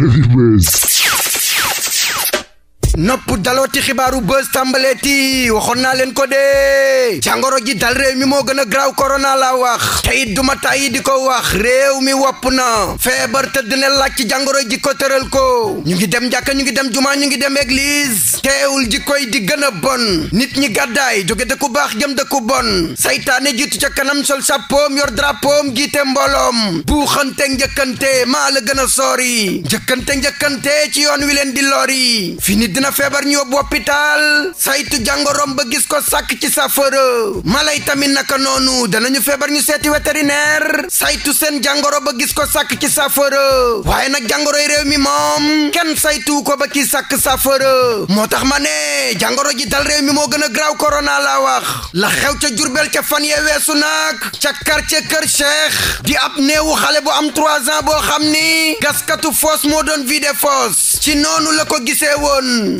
Heavyweights. nopp dalooti xibaaru buzz tàmbaleeti waxoon naa leen ko de jàngoro ji dal réew mi moo gën a graaw korona la wax te it duma tàyyi di ko wax réew mi wopp na feebar tëdd ne laaj ci jàngoro ji ko tëral ko ñu ngi dem jàkka ñu ngi dem jumaa ñu ngi dem église teewul ji koy di gën a bon nit ñi gàddaay jóge dëkku baax jëm dëkku bon saytaane jiitu ca kanam sol sàppoom yor drapoom jiite mbooloom buuxante njëkkante maa la gën a soori njëkkante njëkkante ci yoon wi leen di lori na feebar ñu yóbbu hôpital saytu jàngoroom ba gis ko sakk ci saafara mala yi tamit naka noonu danañu feebar ñu seeti vétérinaire saytu seen jàngoro ba gis ko sakk ci saafara waaye nag jàngoro yi réew mi moom kenn saytuwu ko ba ki sakk saafara moo tax ma ne jàngoro ji dal réew mi moo gën a graaw korona laa wax la xew ca Jurbel ca fan yee weesu nag ca quartier Kër Cheikh di ab néewu xale bu am trois ans boo xam ni gaskatu foos moo doon vide foos ci noonu la ko gisee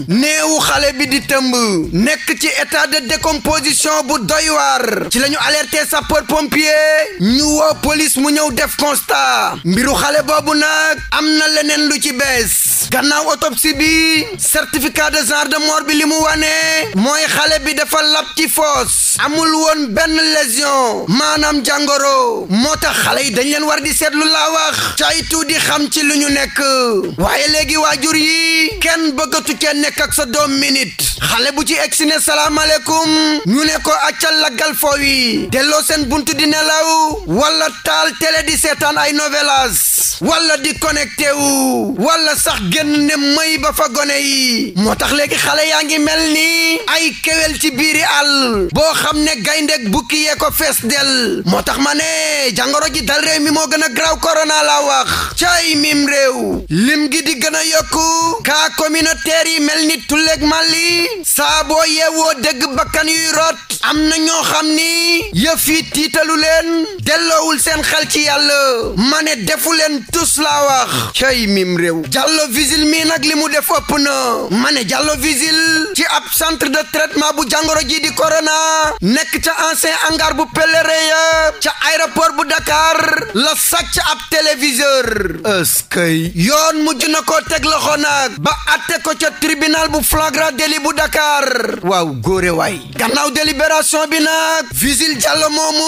neewu xale bi di tëmb nekk ci état de décomposition bu doy ci la ñu alerter sapeur pompier ñu woo police mu ñëw def constat mbiru xale boobu nag am na leneen lu ci bees gannaaw autopsie bi certificat de genre de mor bi li mu wane mooy xale bi defal lab ci amul woon benn lésion maanaam jàngoro moo tax xale yi dañ leen war di seetlu laa wax caytu di xam ci lu ñu nekk waaye léegi waajur yi kenn bëggatu cenn nekk ak sa doom minute xale bu ci egsi ne salaamaaleykum ñu ne ko accal laggal foo wi delloo seen buntu di nelaw walla taal tele di seetaan ay novelas walla di connecté wu wala sax génn ne may ba fa gone yi moo tax léegi xale yaa ngi mel ni ay kewel ci biiri àll boo xam ne gayndeeg bukki yee ko fees del moo tax ma ne jàngoro ji dal réew mi moo gën a graw korona laa wax caay mim réew lim gi di gën a yokku kaa communautaire yi mel ni tulleeg màlli saa boo yeewoo dégg bakkan yuy root am na ñoo xam ni yëf yi tiitalu leen delloowul seen xel ci yàlla ma ne defu leen tus laa cay mim réew jàllo visil mii nag li mu def ëpp na ma ne jàllo visil ci ab centre de traitement bu jàngoro jii di corona nekk ca ancien hangar bu pèlerin ya ca aéroport bu Dakar la sàcc ab téléviseur eskay yoon mujj na koo teg loxo nag ba atte ko ca tribinal bu flagrant délit bu Dakar waaw góore opération bi nag Vigile Diallo moomu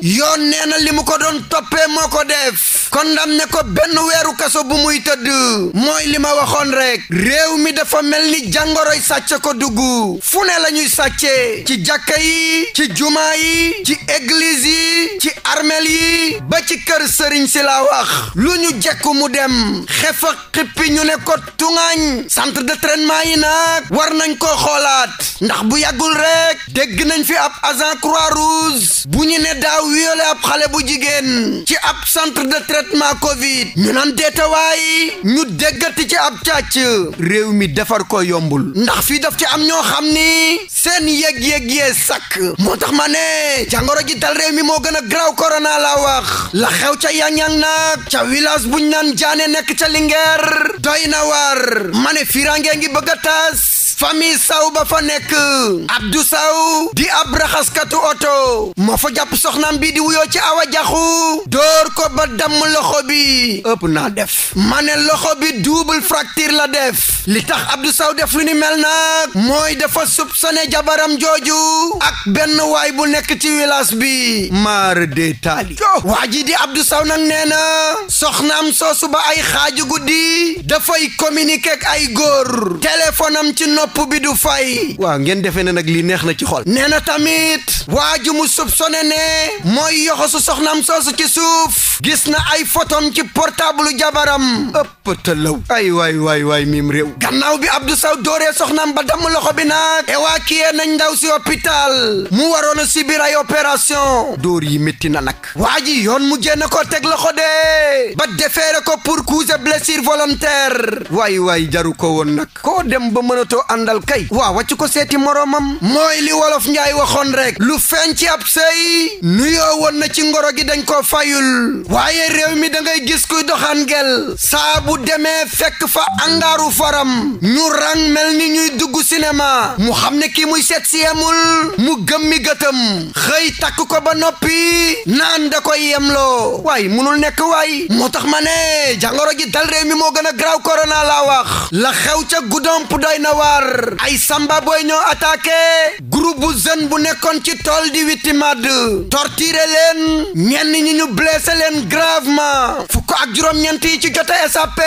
yoon nee na li mu ko doon toppee moo ko def condamné ko benn weeru kaso bu muy tëdd mooy li ma waxoon rek réew mi dafa mel ni jàngoroy sàcc ko dugg fu ne la ñuy sàccee ci jàkka yi ci jumaa yi ci église yi ci armeel yi ba ci kër sëriñ si la wax lu ñu jekku mu dem xefa xippi ñu ne ko tuŋaañ centre de traitement yi nag war nañ ko xoolaat ndax bu yàggul rek dégg nañ fi ab agent croix bu ñu ne daa violé ab xale bu jigéen ci ab centre de traitement Covid ñu nan deetawaay ñu déggati ci ab càcc réew mi defar ko yombul ndax fii daf ci am ñoo xam ni seen yëg-yëg yee sakk moo tax ma ne jàngoro ji dal réew mi moo gën a graw korona laa wax la xew ca yang-yang nag ca village buñ naan jaane nekk ca Linguère doy na war ma ne firange ngi bëgg tas famille saw ba fa nekk abdou saw di ab raxaskatu oto moo fa jàpp soxnaam bi di wuyoo ci awa jaxu dóor ko ba damm loxo bi ëpp naa def ma ne loxo bi double fracture la def li tax abdou saw def lu ni mel nag mooy dafa soupçonné jabaram jooju ak benn waay bu nekk ci village bi maar de taali waa ji di abdou saw nag nee na soxnaam soosu ba ay xaaju guddi dafay communiquer ay góor téléphone ci nopp nopp bi du fay waa ngeen defee ne nag li neex na ci xol nee na tamit waa ju mu soupçonné ne mooy yoxosu soxnaam soosu ci suuf gis na ay photom ci portabul portable jabaram ëpp talaw ay waay waay waay miim réew gannaaw bi Abdou Sow dooree soxnaam ba damm loxo bi nag évacué nañ ndaw si hôpital mu waroon a subir ay opération dóor yi métti na nag waa ji yoon mu jénn ko teg loxo de ba defeere ko pour cause de blessure volontaire waay waay jaru ko woon nag koo dem ba mënatoo àndal kay waa wàcc ko seeti moroomam mooy li wolof njaay waxoon lu feeñ ci ab sëy nuyoo woon ci ngoro gi dañ ko fayul waaye réew mi dangay gis kuy doxaan gel saa bu demee fekk fa angaaru faram ñu rang mel ni ñuy dugg cinéma mu xam ne kii muy seet si yemul mu gëm gëtëm xëy takk ko ba noppi naan da koy yemloo waay munul nekk waay moo tax ma ne jangoro ji dal réew mi moo gën a graw korona laa wax la xew ca gudomp doy na waar ay samba booy ñoo attaqué groupe bu jeune bu nekkoon ci toll di 8 màdd torturé leen ñenn ñi ñu blessé leen gravement fukk ak juróom-ñeent yi ci jote SAP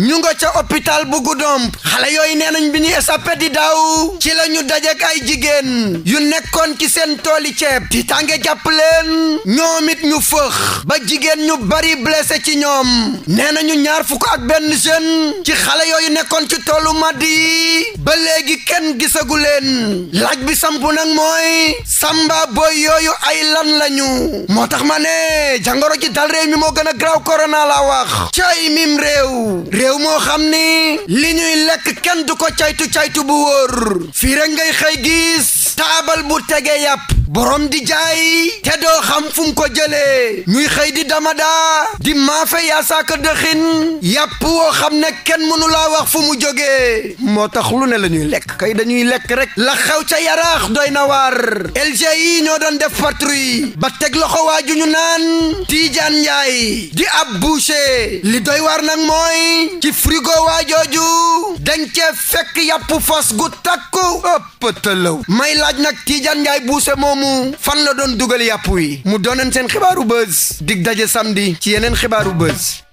ñu nga ca hôpital bu Goudomp xale yooyu nee nañ bi ñuy SAP di daaw ci la ñu dajek ay jigéen yu nekkoon ci seen tooli ceeb di tànge jàpp leen ñoom it ñu fëx ba jigéen ñu bari blessé ci ñoom nee nañu ñaar fukk ak benn jeune ci xale yooyu nekkoon ci toolu màdd yi ba léegi kenn gisagu leen laaj bi samp nag mooy samba boy yooyu ay lan lañu moo tax ma ne jàngoro ci dal réew mi moo gën a graw korona naa la wax cay mim réew réew moo xam ni li ñuy lekk kenn du ko caytu caytu bu wóor fii rek ngay xëy gis taabal bu tege yàpp borom di jaay te doo xam fu ko jëlee ñuy xëy di damadaa di maafe yaa saaka dëxin yàpp woo xam ne kenn mënu la wax fu mu jógee moo tax lu ne la ñuy lekk kay dañuy lekk rek la xew ca yaraax doy na waar LGI ñoo doon def patrouille ba teg loxo waaju ñu naan Tiijaan Njaay di ab boucher li doy waar nag mooy ci frigo waajooju dañ cee fekk yàpp fas gu takku ëpp tëlaw may laaj nag Tiijaan Njaay boucher moom moomu fan la doon dugal yàpp wi mu doonoon seen xibaaru buzz dig daje samedi ci yeneen xibaaru buzz